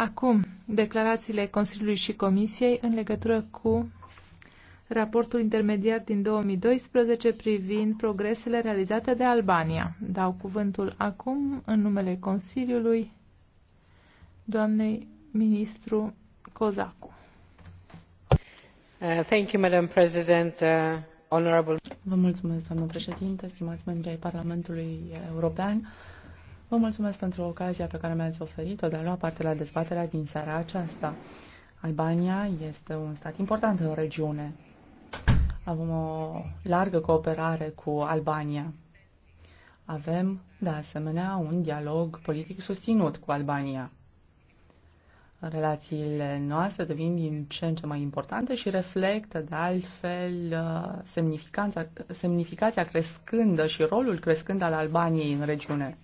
Acum, declarațiile Consiliului și Comisiei în legătură cu raportul intermediar din 2012 privind progresele realizate de Albania. Dau cuvântul acum, în numele Consiliului, doamnei ministru Cozacu. Uh, thank you, Madam President. Uh, honorable... Vă mulțumesc, doamnă președinte, stimați membri ai Parlamentului European. Vă mulțumesc pentru ocazia pe care mi-ați oferit-o de a lua parte la dezbaterea din seara aceasta. Albania este un stat important în regiune. Avem o largă cooperare cu Albania. Avem, de asemenea, un dialog politic susținut cu Albania. Relațiile noastre devin din ce în ce mai importante și reflectă, de altfel, semnificația crescândă și rolul crescând al Albaniei în regiune.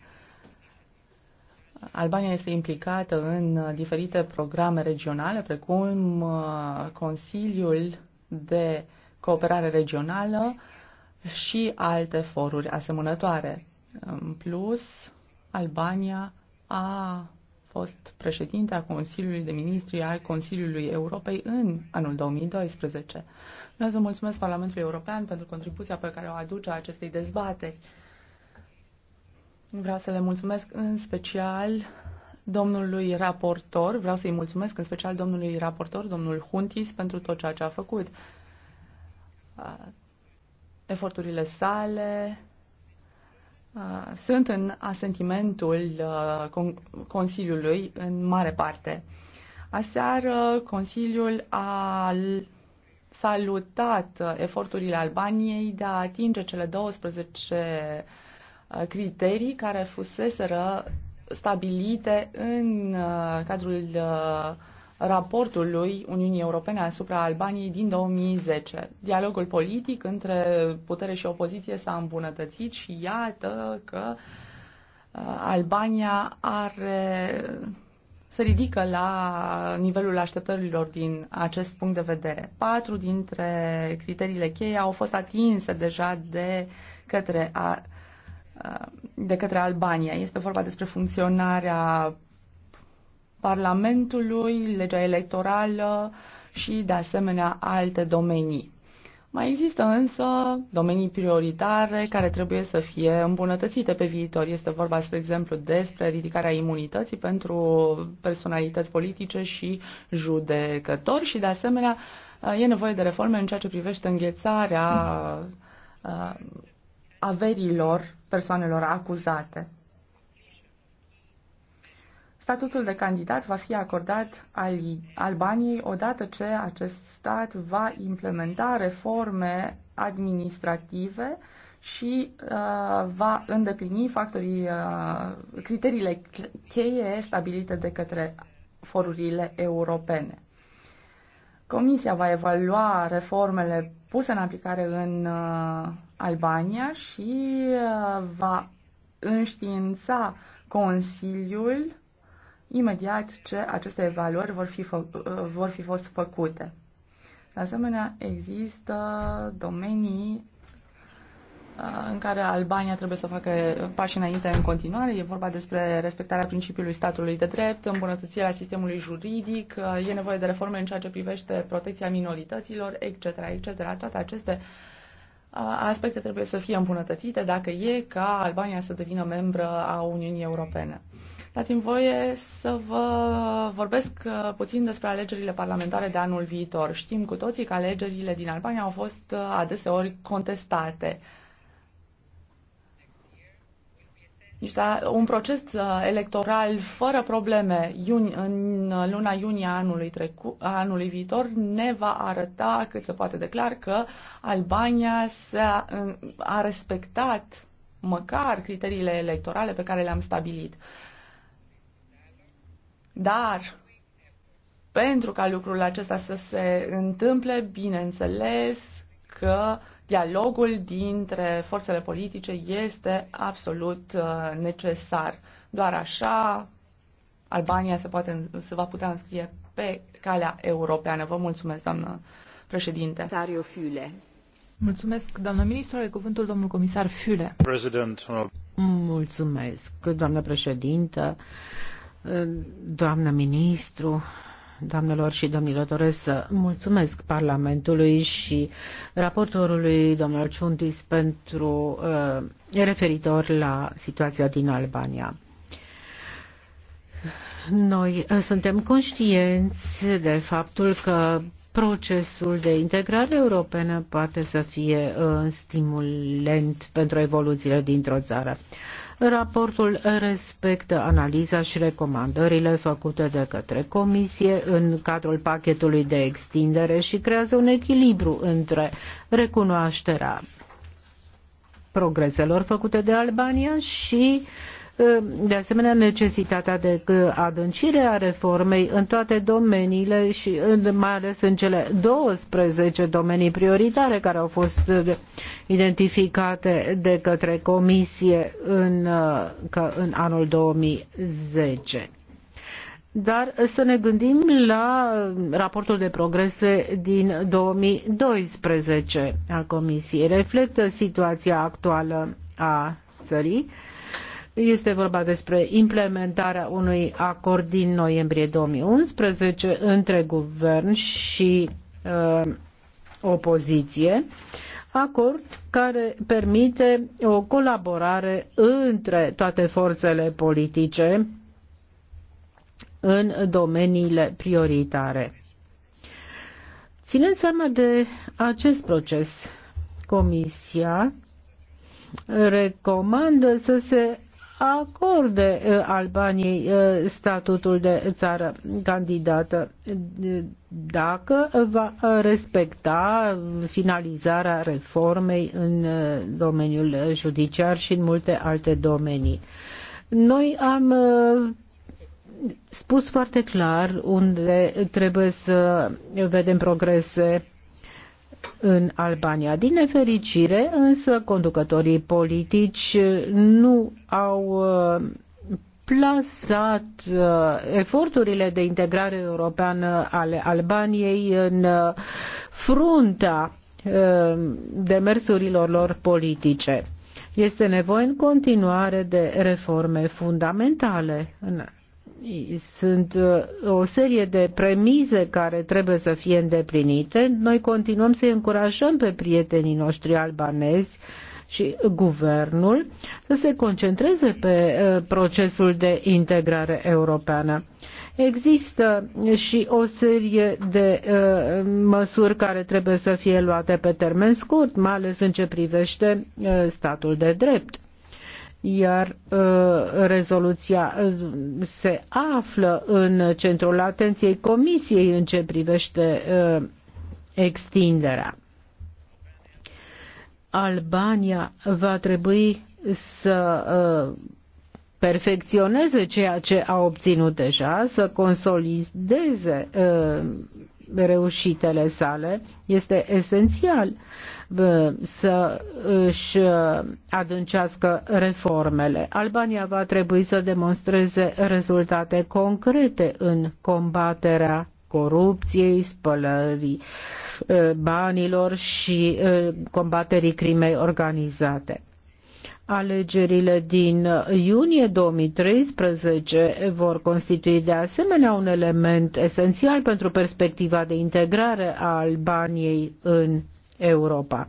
Albania este implicată în uh, diferite programe regionale, precum uh, Consiliul de Cooperare Regională și alte foruri asemănătoare. În plus, Albania a fost președinte a Consiliului de Ministri al Consiliului Europei în anul 2012. Vreau să mulțumesc Parlamentului European pentru contribuția pe care o aduce acestei dezbateri. Vreau să le mulțumesc în special domnului raportor, vreau să-i mulțumesc în special domnului raportor, domnul Huntis, pentru tot ceea ce a făcut. Eforturile sale sunt în asentimentul Consiliului în mare parte. Aseară, Consiliul a salutat eforturile Albaniei de a atinge cele 12 criterii care fuseseră stabilite în uh, cadrul uh, raportului Uniunii Europene asupra Albaniei din 2010. Dialogul politic între putere și opoziție s-a îmbunătățit și iată că uh, Albania are se ridică la nivelul așteptărilor din acest punct de vedere. Patru dintre criteriile cheie au fost atinse deja de către a, Uh, de către Albania. Este vorba despre funcționarea Parlamentului, legea electorală și, de asemenea, alte domenii. Mai există însă domenii prioritare care trebuie să fie îmbunătățite pe viitor. Este vorba, spre exemplu, despre ridicarea imunității pentru personalități politice și judecători și, de asemenea, e nevoie de reforme în ceea ce privește înghețarea uh, averilor persoanelor acuzate. Statutul de candidat va fi acordat Albaniei odată ce acest stat va implementa reforme administrative și uh, va îndeplini factorii, uh, criteriile cheie stabilite de către forurile europene. Comisia va evalua reformele puse în aplicare în uh, Albania și uh, va înștiința Consiliul imediat ce aceste evaluări vor fi, uh, vor fi fost făcute. De asemenea, există domenii uh, în care Albania trebuie să facă pași înainte în continuare. E vorba despre respectarea principiului statului de drept, îmbunătățirea sistemului juridic, e nevoie de reforme în ceea ce privește protecția minorităților, etc. etc. Toate aceste uh, aspecte trebuie să fie îmbunătățite dacă e ca Albania să devină membră a Uniunii Europene. Dați-mi voie să vă vorbesc uh, puțin despre alegerile parlamentare de anul viitor. Știm cu toții că alegerile din Albania au fost uh, adeseori contestate. niște, deci, da, un proces uh, electoral fără probleme iuni, în uh, luna iunie anului, trecu, anului viitor ne va arăta cât se poate declar că Albania a a respectat măcar criteriile electorale pe care le-am stabilit. Dar pentru ca lucrul acesta să se întâmple, bineînțeles că uh, Dialogul dintre forțele politice este absolut uh, necesar. Doar așa Albania se, poate, se va putea înscrie pe calea europeană. Vă mulțumesc, doamnă președinte. Sariu Fiule. Mulțumesc, doamnă ministru. Are cuvântul domnul comisar Fiule. President. Mulțumesc, doamnă președintă, doamnă ministru, doamnelor și domnilor, doresc să mulțumesc Parlamentului și raportorului domnul Ciuntis pentru uh, referitor la situația din Albania. Noi uh, suntem conștienți de faptul că procesul de integrare europeană poate să fie uh, stimulent pentru evoluțiile dintr-o țară. Raportul respectă analiza și recomandările făcute de către Comisie în cadrul pachetului de extindere și creează un echilibru între recunoașterea progreselor făcute de Albania și uh, Ehm, de asemenea necesitatea de uh, adâncire a reformei în toate domeniile și uh, mai ales în cele 12 domenii prioritare care au fost uh, identificate de către Comisie în, în anul 2010 dar să ne gândim la raportul de progrese din 2012 al Comisiei. Reflectă situația actuală a țării este vorba despre implementarea unui acord din noiembrie 2011 între guvern și uh, opoziție, acord care permite o colaborare între toate forțele politice în domeniile prioritare. Ținând seama de acest proces, Comisia recomandă să se acorde uh, Albaniei uh, statutul de țară candidată uh, dacă va respecta finalizarea reformei în domeniul judiciar și în multe alte domenii. Noi am spus foarte clar unde trebuie să vedem progrese în Albania. Din nefericire, însă, conducătorii politici nu au uh, plasat uh, eforturile de integrare europeană ale Albaniei în uh, frunta demersurilor lor politice. Este nevoie în continuare de reforme fundamentale în sunt uh, o serie de premize care trebuie să fie îndeplinite. Noi continuăm să-i încurajăm pe prietenii noștri albanezi și guvernul să se concentreze pe uh, procesul de integrare europeană. Există și o serie de uh, măsuri care trebuie să fie luate pe termen scurt, mai ales în ce privește statul de drept iar uh, rezoluția uh, se află în centrul atenției Comisiei în ce privește uh, extinderea. Albania va trebui să perfecționeze ceea ce a obținut deja, să consolideze reușitele sale, este esențial să își adâncească reformele. Albania va trebui să demonstreze rezultate concrete în combaterea corupției, spălării banilor și combaterii crimei organizate. Alegerile din iunie 2013 vor constitui de asemenea un element esențial pentru perspectiva de integrare a Albaniei în Europa.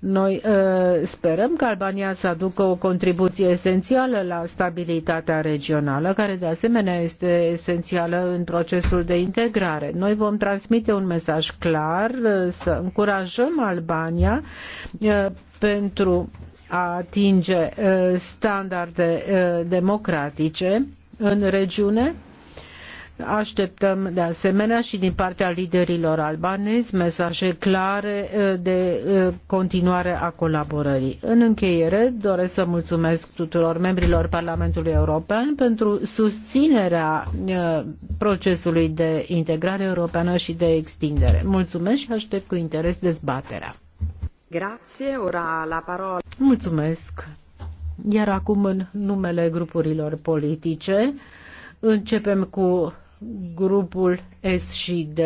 Noi uh, sperăm că Albania să aducă o contribuție esențială la stabilitatea regională, care de asemenea este esențială în procesul de integrare. Noi vom transmite un mesaj clar uh, să încurajăm Albania uh, pentru a atinge uh, standarde uh, democratice în regiune. Așteptăm de asemenea și din partea liderilor albanezi mesaje clare uh, de continuare a colaborării. În încheiere, doresc să mulțumesc tuturor membrilor Parlamentului European pentru susținerea procesului de integrare europeană și de extindere. Mulțumesc și aștept cu interes dezbaterea ora la parola. Mulțumesc. Iar acum în numele grupurilor politice începem cu grupul S și D.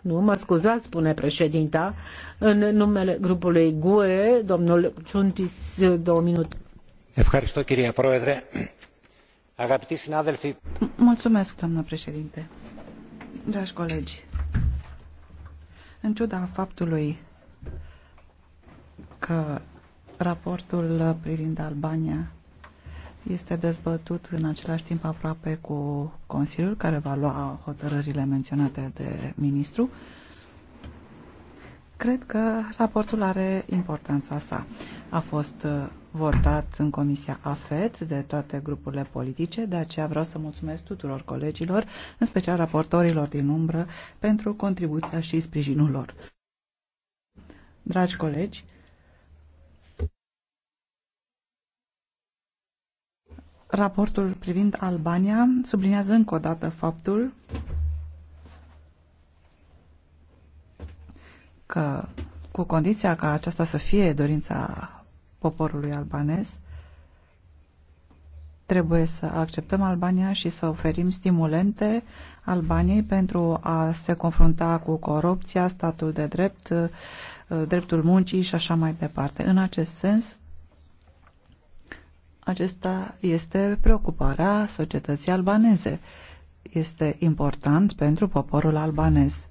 Nu, mă scuzați, spune președinta, în numele grupului GUE, domnul Ciuntis, două minute. Ευχαριστώ κυρία Πρόεδρε. Αγαπητοί συνάδελφοι. Mulțumesc, doamnă președinte. Dragi colegi, în ciuda faptului că raportul privind Albania este dezbătut în același timp aproape cu Consiliul, care va lua hotărârile menționate de ministru. Cred că raportul are importanța sa. A fost uh, votat în Comisia AFET de toate grupurile politice, de aceea vreau să mulțumesc tuturor colegilor, în special raportorilor din umbră, pentru contribuția și sprijinul lor. Dragi colegi, Raportul privind Albania subliniază încă o dată faptul că, cu condiția ca aceasta să fie dorința poporului albanez, trebuie să acceptăm Albania și să oferim stimulente Albaniei pentru a se confrunta cu corupția, statul de drept, dreptul muncii și așa mai departe. În acest sens, acesta este preocuparea societății albaneze. Este important pentru poporul albanez.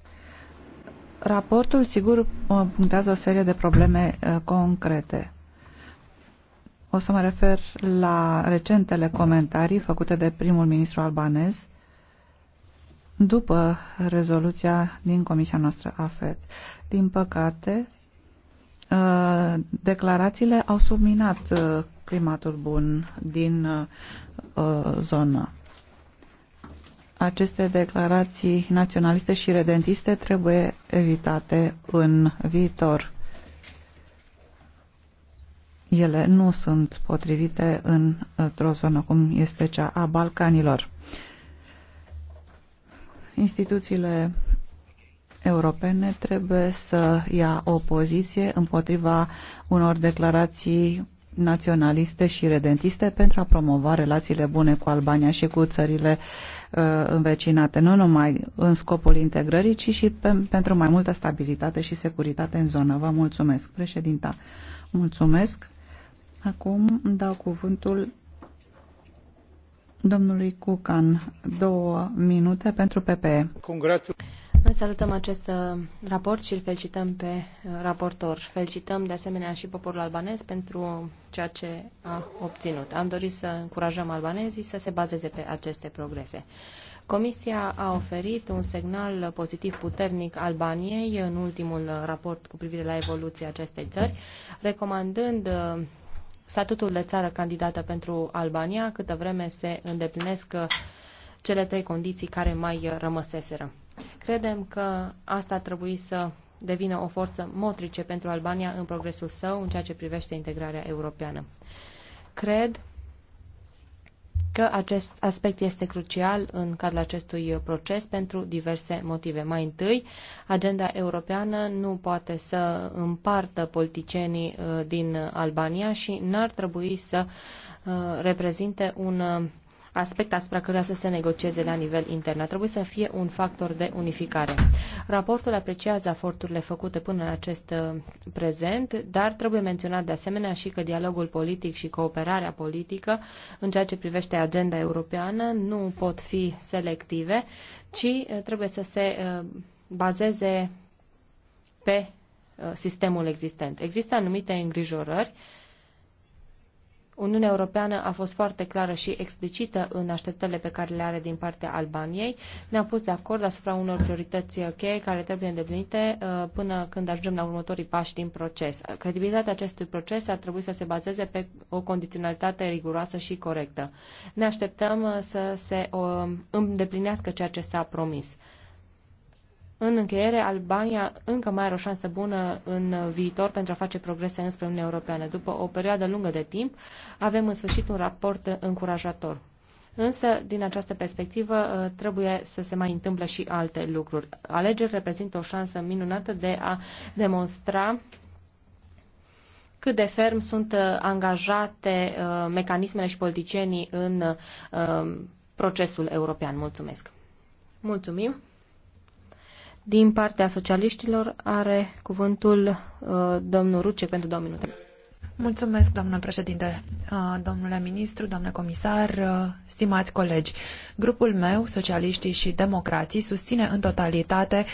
Raportul, sigur, punctează o serie de probleme eh, concrete. O să mă refer la recentele comentarii făcute de primul ministru albanez după rezoluția din comisia noastră AFET. Din păcate, eh, declarațiile au subminat eh, climatul bun din uh, zonă. Aceste declarații naționaliste și redentiste trebuie evitate în viitor. Ele nu sunt potrivite într-o zonă cum este cea a Balcanilor. Instituțiile europene trebuie să ia o poziție împotriva unor declarații naționaliste și redentiste pentru a promova relațiile bune cu Albania și cu țările uh, învecinate, nu numai în scopul integrării, ci și pe, pentru mai multă stabilitate și securitate în zonă. Vă mulțumesc, președinta. Mulțumesc. Acum dau cuvântul domnului Cucan. Două minute pentru PPE. Congratul. Noi salutăm acest uh, raport și îl felicităm pe uh, raportor. Felicităm de asemenea și poporul albanez pentru ceea ce a obținut. Am dorit să încurajăm albanezii să se bazeze pe aceste progrese. Comisia a oferit un semnal pozitiv puternic Albaniei în ultimul raport cu privire la evoluția acestei țări, recomandând uh, statutul de țară candidată pentru Albania câtă vreme se îndeplinesc cele trei condiții care mai rămăseseră. Credem că asta ar trebui să devină o forță motrice pentru Albania în progresul său în ceea ce privește integrarea europeană. Cred că acest aspect este crucial în cadrul acestui proces pentru diverse motive. Mai întâi, agenda europeană nu poate să împartă politicienii uh, din Albania și n-ar trebui să uh, reprezinte un uh, aspect asupra căruia să se negocieze la nivel intern. A trebuit să fie un factor de unificare. Raportul apreciază eforturile făcute până în acest uh, prezent, dar trebuie menționat de asemenea și că dialogul politic și cooperarea politică în ceea ce privește agenda europeană nu pot fi selective, ci uh, trebuie să se uh, bazeze pe sistemul existent. Există anumite îngrijorări uh, Uniunea Europeană a fost foarte clară și explicită în așteptările pe care le are din partea Albaniei. Ne-am pus de acord asupra unor priorități cheie care trebuie îndeplinite uh, până când ajungem la următorii pași din proces. Credibilitatea acestui proces ar trebui să se bazeze pe o condiționalitate riguroasă și corectă. Ne așteptăm uh, să se uh, îndeplinească ceea ce s-a promis. În încheiere, Albania încă mai are o șansă bună în viitor pentru a face progrese înspre Uniunea Europeană. După o perioadă lungă de timp, avem în sfârșit un raport încurajator. Însă, din această perspectivă, ă, trebuie să se mai întâmple și alte lucruri. Alegeri reprezintă o șansă minunată de a demonstra cât de ferm sunt ă, angajate ă, mecanismele și politicienii în procesul european. Mulțumesc! Mulțumim! Din partea socialiștilor are cuvântul uh, domnul Ruce pentru două minute. Mulțumesc, doamnă președinte, uh, domnule ministru, doamnă comisar, uh, stimați colegi. Grupul meu, Socialiștii și Democrații, susține în totalitate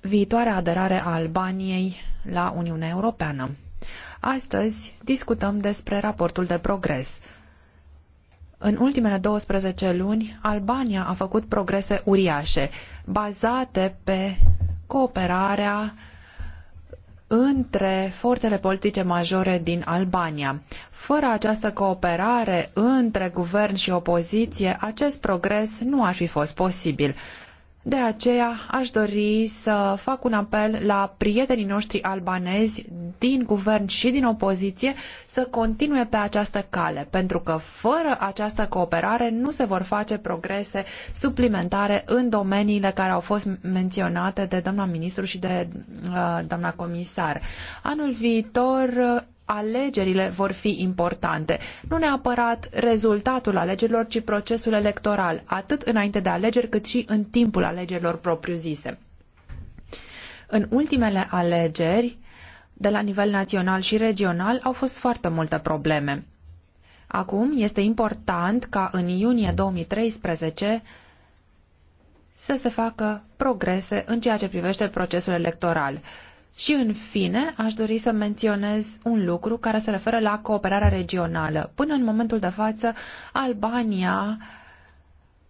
viitoarea aderare a Albaniei la Uniunea Europeană. Astăzi discutăm despre raportul de progres. În ultimele 12 luni, Albania a făcut progrese uriașe, bazate pe cooperarea între forțele politice majore din Albania. Fără această cooperare între guvern și opoziție, acest progres nu ar fi fost posibil. De aceea aș dori să fac un apel la prietenii noștri albanezi din guvern și din opoziție să continue pe această cale, pentru că fără această cooperare nu se vor face progrese suplimentare în domeniile care au fost menționate de doamna ministru și de uh, doamna comisar. Anul viitor alegerile vor fi importante. Nu neapărat rezultatul alegerilor, ci procesul electoral, atât înainte de alegeri cât și în timpul alegerilor propriu-zise. În ultimele alegeri, de la nivel național și regional, au fost foarte multe probleme. Acum este important ca în iunie 2013 să se facă progrese în ceea ce privește procesul electoral. Și în fine, aș dori să menționez un lucru care se referă la cooperarea regională. Până în momentul de față, Albania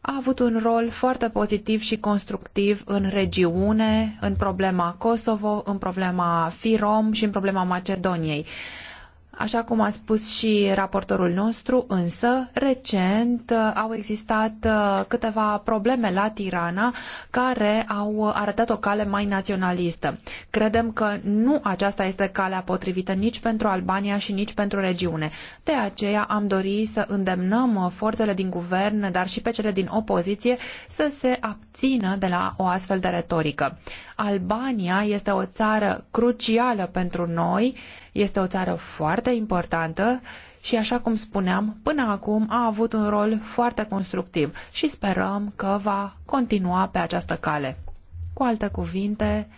a avut un rol foarte pozitiv și constructiv în regiune, în problema Kosovo, în problema Firom și în problema Macedoniei. Așa cum a spus și raportorul nostru, însă, recent uh, au existat uh, câteva probleme la Tirana care au arătat o cale mai naționalistă. Credem că nu aceasta este calea potrivită nici pentru Albania și nici pentru regiune. De aceea am dori să îndemnăm uh, forțele din guvern, dar și pe cele din opoziție, să se abțină de la o astfel de retorică. Albania este o țară crucială pentru noi este o țară foarte importantă și, așa cum spuneam, până acum a avut un rol foarte constructiv și sperăm că va continua pe această cale. Cu alte cuvinte,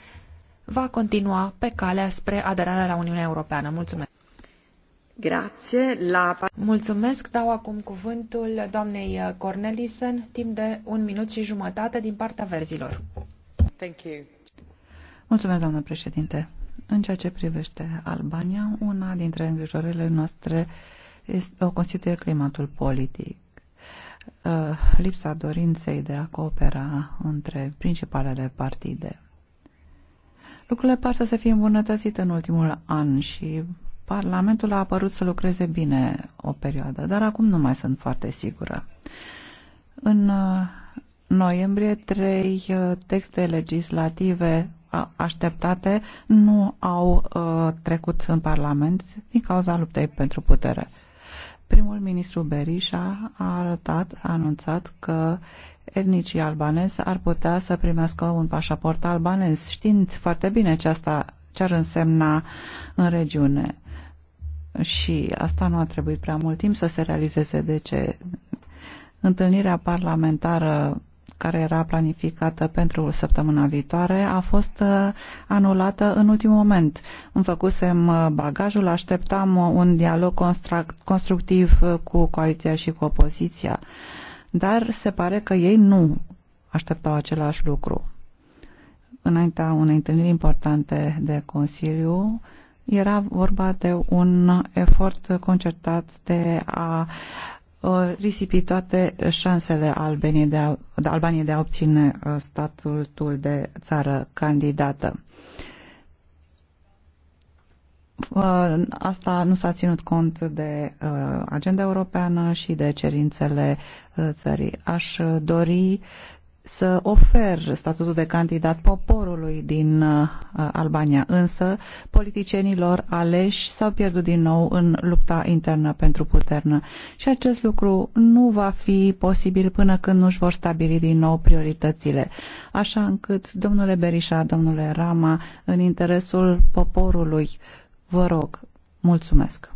va continua pe calea spre aderarea la Uniunea Europeană. Mulțumesc! Grație la... Mulțumesc, dau acum cuvântul doamnei Cornelisen, timp de un minut și jumătate din partea verzilor. Thank you. Mulțumesc, doamnă președinte. În ceea ce privește Albania, una dintre îngrijorările noastre este, o constituie climatul politic. Uh, lipsa dorinței de a coopera între principalele partide. Lucrurile par să se fie îmbunătățite în ultimul an și Parlamentul a apărut să lucreze bine o perioadă, dar acum nu mai sunt foarte sigură. În uh, noiembrie, trei uh, texte legislative așteptate nu au ă, trecut în Parlament din cauza luptei pentru putere. Primul ministru Berisha a arătat, a anunțat că etnicii albanezi ar putea să primească un pașaport albanez, știind foarte bine ce, asta, ce ar însemna în regiune. Și asta nu a trebuit prea mult timp să se realizeze de deci, ce. Întâlnirea parlamentară care era planificată pentru săptămâna viitoare a fost uh, anulată în ultimul moment. Îmi făcusem uh, bagajul, așteptam uh, un dialog constructiv cu coaliția și cu opoziția, dar se pare că ei nu așteptau același lucru. Înaintea unei întâlniri importante de Consiliu, era vorba de un efort concertat de a Uh, risipi toate șansele Albaniei de a, de Albaniei de a obține uh, statutul de țară candidată. Uh, asta nu s-a ținut cont de agenda europeană și de cerințele țării. Aș dori să ofer statutul de candidat poporului din uh, Albania, însă politicienilor aleși s-au pierdut din nou în lupta internă pentru puternă și acest lucru nu va fi posibil până când nu își vor stabili din nou prioritățile. Așa încât, domnule Berisha, domnule Rama, în interesul poporului, vă rog, mulțumesc.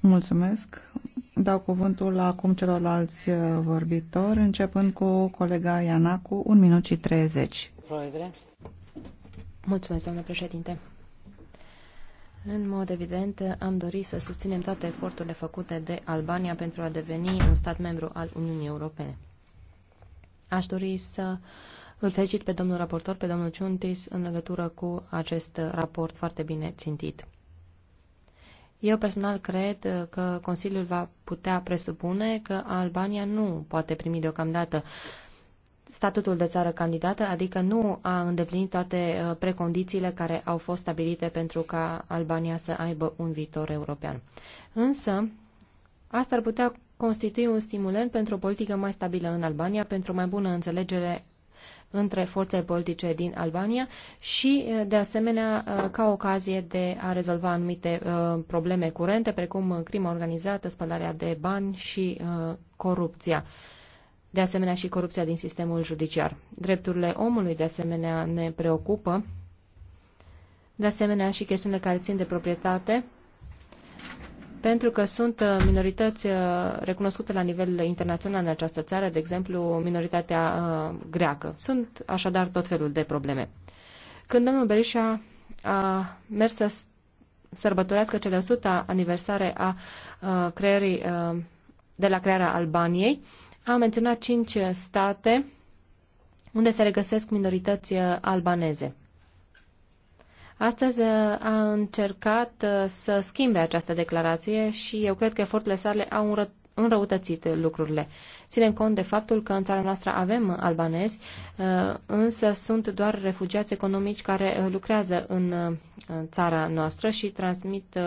Mulțumesc dau cuvântul acum celorlalți uh, vorbitori, începând cu colega Ianacu, 1 minut și 30. Mulțumesc, doamnă președinte. În mod evident, am dorit să susținem toate eforturile făcute de Albania pentru a deveni un stat membru al Uniunii Europene. Aș dori să îl felicit pe domnul raportor, pe domnul Ciuntis, în legătură cu acest raport foarte bine țintit. Eu personal cred că Consiliul va putea presupune că Albania nu poate primi deocamdată statutul de țară candidată, adică nu a îndeplinit toate uh, precondițiile care au fost stabilite pentru ca Albania să aibă un viitor european. Însă, asta ar putea constitui un stimulent pentru o politică mai stabilă în Albania, pentru o mai bună înțelegere între forțe politice din Albania și, eh, de asemenea, eh, ca ocazie de a rezolva anumite eh, probleme curente, precum crima organizată, spălarea de bani și corupția de asemenea și corupția din sistemul judiciar. Drepturile omului, de asemenea, ne preocupă, de asemenea și chestiunile care țin de proprietate, pentru că sunt uh, minorități uh, recunoscute la nivel internațional în această țară, de exemplu minoritatea uh, greacă. Sunt așadar tot felul de probleme. Când domnul Berisha a mers să sărbătorească cele 100 aniversare a creierii, de la crearea Albaniei, a menționat cinci state unde se regăsesc minorități albaneze. Astăzi uh, a încercat uh, să schimbe această declarație și eu cred că eforturile sale au înrăutățit lucrurile. Ținem cont de faptul că în țara noastră avem albanezi, uh, însă sunt doar refugiați economici care lucrează în țara noastră și transmit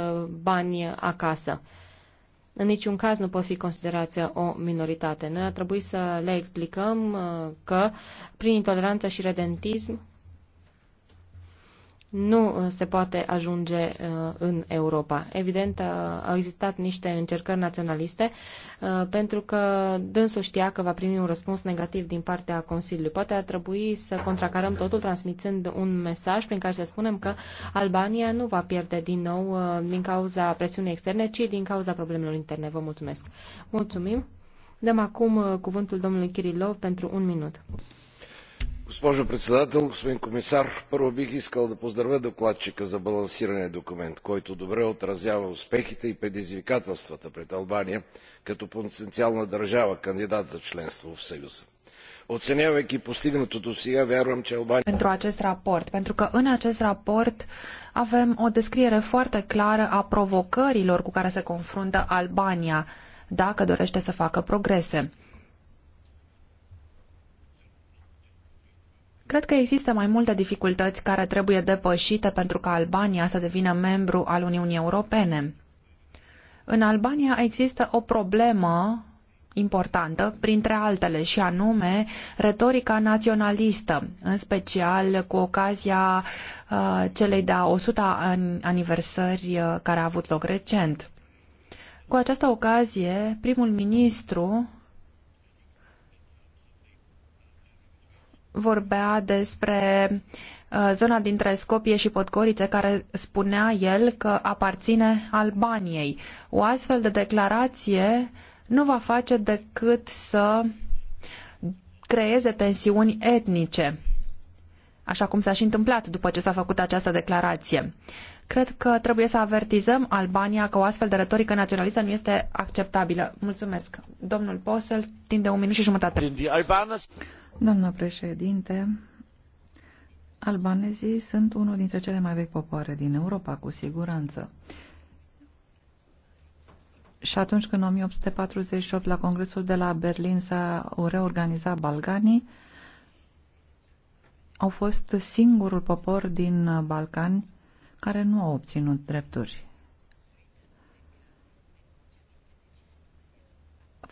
bani acasă în niciun caz nu pot fi considerați o minoritate. Noi ar trebui să le explicăm că prin intoleranță și redentism nu uh, se poate ajunge uh, în Europa. Evident, uh, au existat niște încercări naționaliste pentru că dânsul știa că va primi un răspuns negativ din partea Consiliului. Poate ar trebui să contracarăm totul transmițând un mesaj prin care să spunem că Albania nu va pierde din nou din cauza presiunii externe, ci din cauza problemelor interne. Vă mulțumesc. Mulțumim. Dăm acum cuvântul domnului Kirilov pentru un minut. Госпожо председател, господин комисар, първо бих искал да поздравя докладчика за балансирания документ, който добре отразява успехите и предизвикателствата пред Албания като потенциална държава кандидат за членство в Съюза. Оценявайки постигнатото сега, вярвам, че Албания... Pentru acest raport, pentru că în acest raport avem o descriere foarte clară a provocărilor cu care se confruntă Albania dacă dorește să facă progrese. Cred că există mai multe dificultăți care trebuie depășite pentru ca Albania să devină membru al Uniunii Europene. În Albania există o problemă importantă, printre altele, și anume retorica naționalistă, în special cu ocazia uh, celei de-a 100 aniversări uh, care a avut loc recent. Cu această ocazie, primul ministru vorbea despre uh, zona dintre Scopie și Podgorițe, care spunea el că aparține Albaniei. O astfel de declarație nu va face decât să creeze tensiuni etnice, așa cum s-a și întâmplat după ce s-a făcut această declarație. Cred că trebuie să avertizăm Albania că o astfel de retorică naționalistă nu este acceptabilă. Mulțumesc. Domnul Posel, timp de un minut și jumătate. Doamna președinte, albanezii sunt unul dintre cele mai vechi popoare din Europa, cu siguranță. Și atunci când în 1848 la Congresul de la Berlin s-a reorganizat Balcanii, au fost singurul popor din Balcani care nu a obținut drepturi.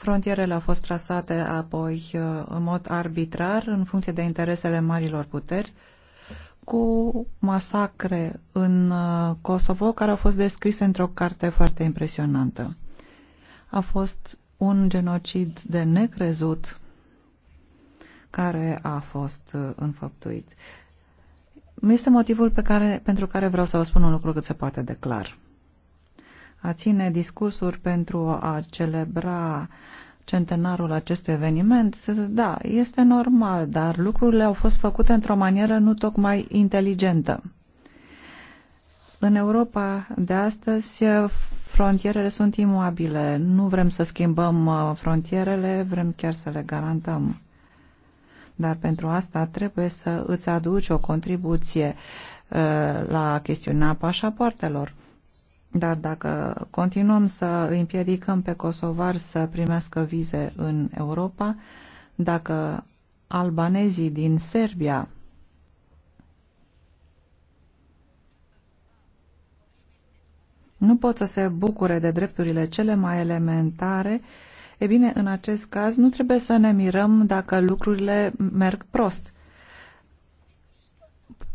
Frontierele au fost trasate apoi uh, în mod arbitrar, în funcție de interesele marilor puteri, cu masacre în uh, Kosovo, care au fost descrise într-o carte foarte impresionantă. A fost un genocid de necrezut care a fost uh, înfăptuit. Este motivul pe care, pentru care vreau să vă spun un lucru cât se poate de clar a ține discursuri pentru a celebra centenarul acestui eveniment, da, este normal, dar lucrurile au fost făcute într-o manieră nu tocmai inteligentă. În Europa de astăzi, frontierele sunt imobile. Nu vrem să schimbăm uh, frontierele, vrem chiar să le garantăm. Dar pentru asta trebuie să îți aduci o contribuție uh, la chestiunea pașapoartelor dar dacă continuăm să îi împiedicăm pe kosovari să primească vize în Europa, dacă albanezii din Serbia nu pot să se bucure de drepturile cele mai elementare, e bine, în acest caz nu trebuie să ne mirăm dacă lucrurile merg prost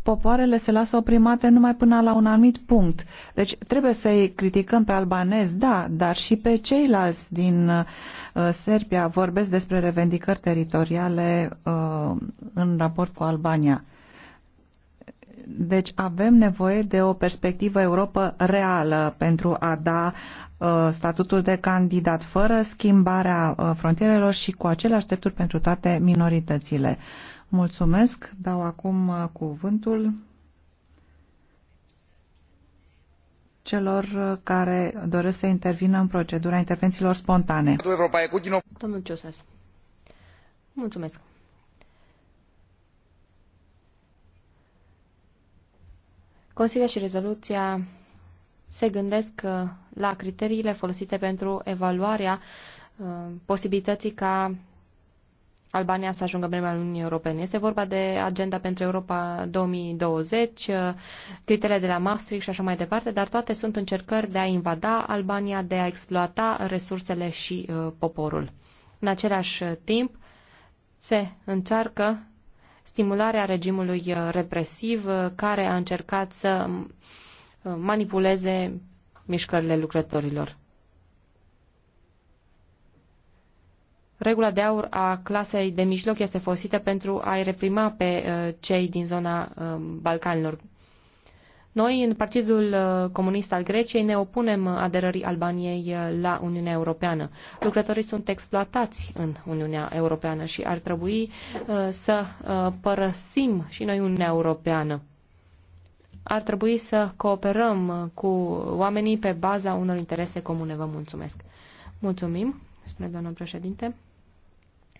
popoarele se lasă oprimate numai până la un anumit punct. Deci trebuie să-i criticăm pe albanezi, da, dar și pe ceilalți din uh, Serbia. Vorbesc despre revendicări teritoriale uh, în raport cu Albania. Deci avem nevoie de o perspectivă Europa reală pentru a da uh, statutul de candidat fără schimbarea uh, frontierelor și cu aceleași drepturi pentru toate minoritățile. Mulțumesc. Dau acum uh, cuvântul celor uh, care doresc să intervină în procedura intervențiilor spontane. Domnul Ciosas. Mulțumesc. Consilia și rezoluția se gândesc uh, la criteriile folosite pentru evaluarea posibilității ca Albania să ajungă membru al Uniunii Europene. Este vorba de agenda pentru Europa 2020, uh, criteriile de la Maastricht și așa mai departe, dar toate sunt încercări de a invada Albania, de a exploata resursele și uh, poporul. În același uh, timp, se încearcă stimularea regimului uh, represiv care a încercat să manipuleze mișcările lucrătorilor. Regula de aur a clasei de mijloc este folosită pentru a-i reprima pe uh, cei din zona um, Balcanilor. Noi, în Partidul uh, Comunist al Greciei, ne opunem aderării Albaniei uh, la Uniunea Europeană. Lucrătorii sunt exploatați în Uniunea Europeană și ar trebui să părăsim și noi Uniunea Europeană. Ar trebui să cooperăm cu oamenii pe baza unor interese comune. Vă mulțumesc. Mulțumim, spune domnul președinte.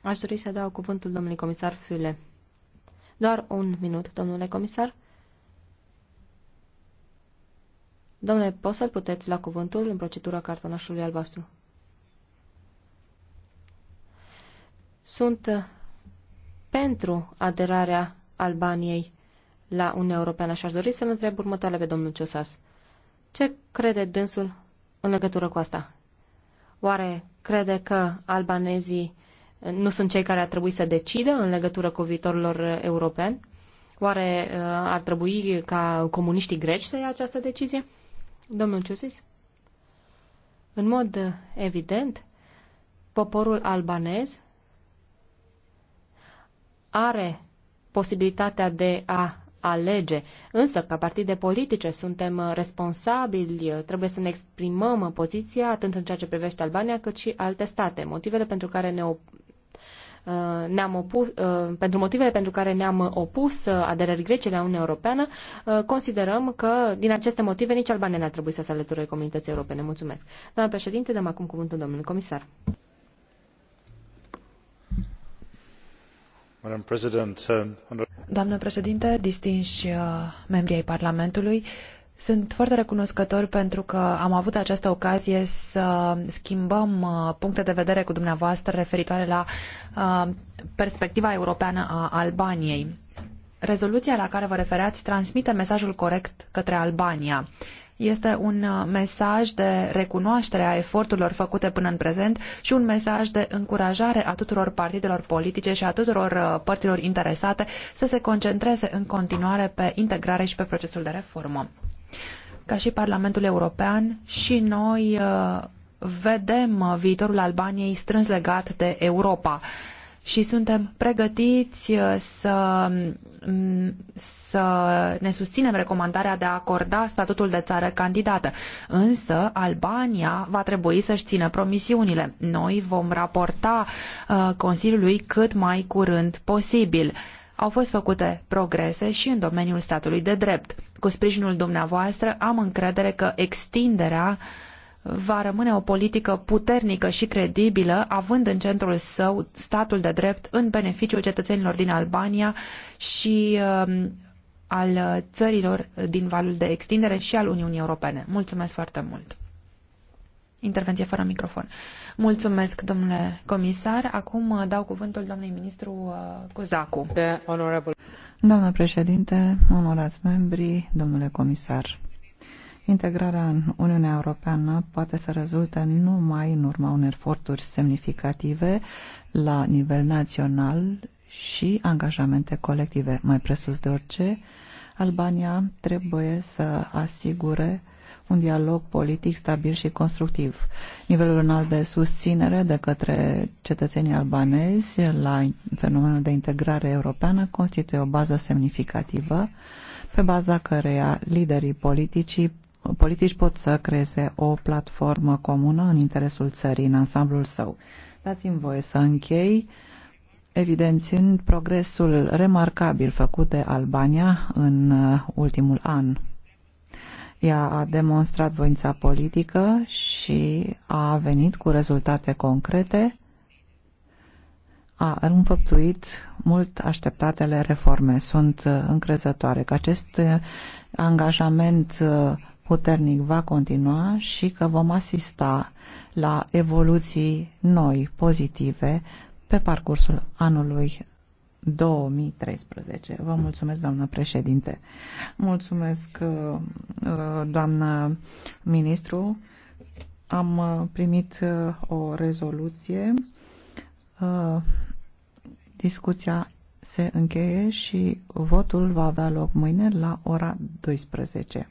Aș dori să dau cuvântul domnului comisar Füle. Doar un minut, domnule comisar. Domnule, poți să-l puteți la cuvântul în procedura cartonașului albastru? Sunt uh, pentru aderarea Albaniei la Uniunea Europeană și aș dori să-l întreb următoarele pe domnul Ciosas. Ce crede dânsul în legătură cu asta? Oare crede că albanezii nu sunt cei care ar trebui să decidă în legătură cu viitorul europeni? european? Oare uh, ar trebui ca comuniștii greci să ia această decizie? Domnul Ciusis? În mod evident, poporul albanez are posibilitatea de a alege. Însă, ca partide politice, suntem responsabili, trebuie să ne exprimăm poziția atât în ceea ce privește Albania, cât și alte state. Motivele pentru care ne Uh, ne-am opus, uh, pentru motivele pentru care ne-am opus uh, aderării Greciei la Uniunea Europeană, considerăm că din aceste motive nici Albania n-ar trebui să se alăture comunității europene. Mulțumesc. Doamna președinte, dăm acum cuvântul domnului comisar. Doamnă președinte, distinși membri ai Parlamentului, sunt foarte recunoscător pentru că am avut această ocazie să schimbăm uh, puncte de vedere cu dumneavoastră referitoare la uh, perspectiva europeană a Albaniei. Rezoluția la care vă refereați transmite mesajul corect către Albania. Este un uh, mesaj de recunoaștere a eforturilor făcute până în prezent și un mesaj de încurajare a tuturor partidelor politice și a tuturor părților interesate să se concentreze în continuare pe integrare și pe procesul de reformă. Ca și Parlamentul European, și noi uh, vedem uh, viitorul Albaniei strâns legat de Europa și suntem pregătiți uh, să, mm, să ne susținem recomandarea de a acorda statutul de țară candidată. Însă, Albania va trebui să-și țină promisiunile. Noi vom raporta Consiliului cât mai curând posibil. Au fost făcute progrese și în domeniul statului de drept. Cu sprijinul dumneavoastră am încredere că extinderea va rămâne o politică puternică și credibilă, având în centrul său statul de drept în beneficiul cetățenilor din Albania și um, al țărilor din valul de extindere și al Uniunii Europene. Mulțumesc foarte mult! Intervenție fără microfon. Mulțumesc, domnule comisar. Acum uh, dau cuvântul doamnei ministru uh, Cozacu. Doamna președinte, onorați membri, domnule comisar. Integrarea în Uniunea Europeană poate să rezulte numai în urma unor eforturi semnificative la nivel național și angajamente colective. Mai presus de orice, Albania trebuie să asigure un dialog politic stabil și constructiv. Nivelul înalt de susținere de către cetățenii albanezi la fenomenul de integrare europeană constituie o bază semnificativă pe baza căreia liderii politicii politici pot să creeze o platformă comună în interesul țării, în ansamblul său. Dați-mi voie să închei evidențiind progresul remarcabil făcut de Albania în uh, ultimul an. Ea a demonstrat voința politică și a venit cu rezultate concrete, a înfăptuit mult așteptatele reforme. Sunt uh, încrezătoare că acest uh, angajament uh, puternic va continua și că vom asista la evoluții noi, pozitive, pe parcursul anului 2013. Vă mulțumesc, doamnă președinte. Mulțumesc, uh, uh, doamnă ministru. Am uh, primit o rezoluție. Discuția se încheie și votul va avea loc mâine la ora 12.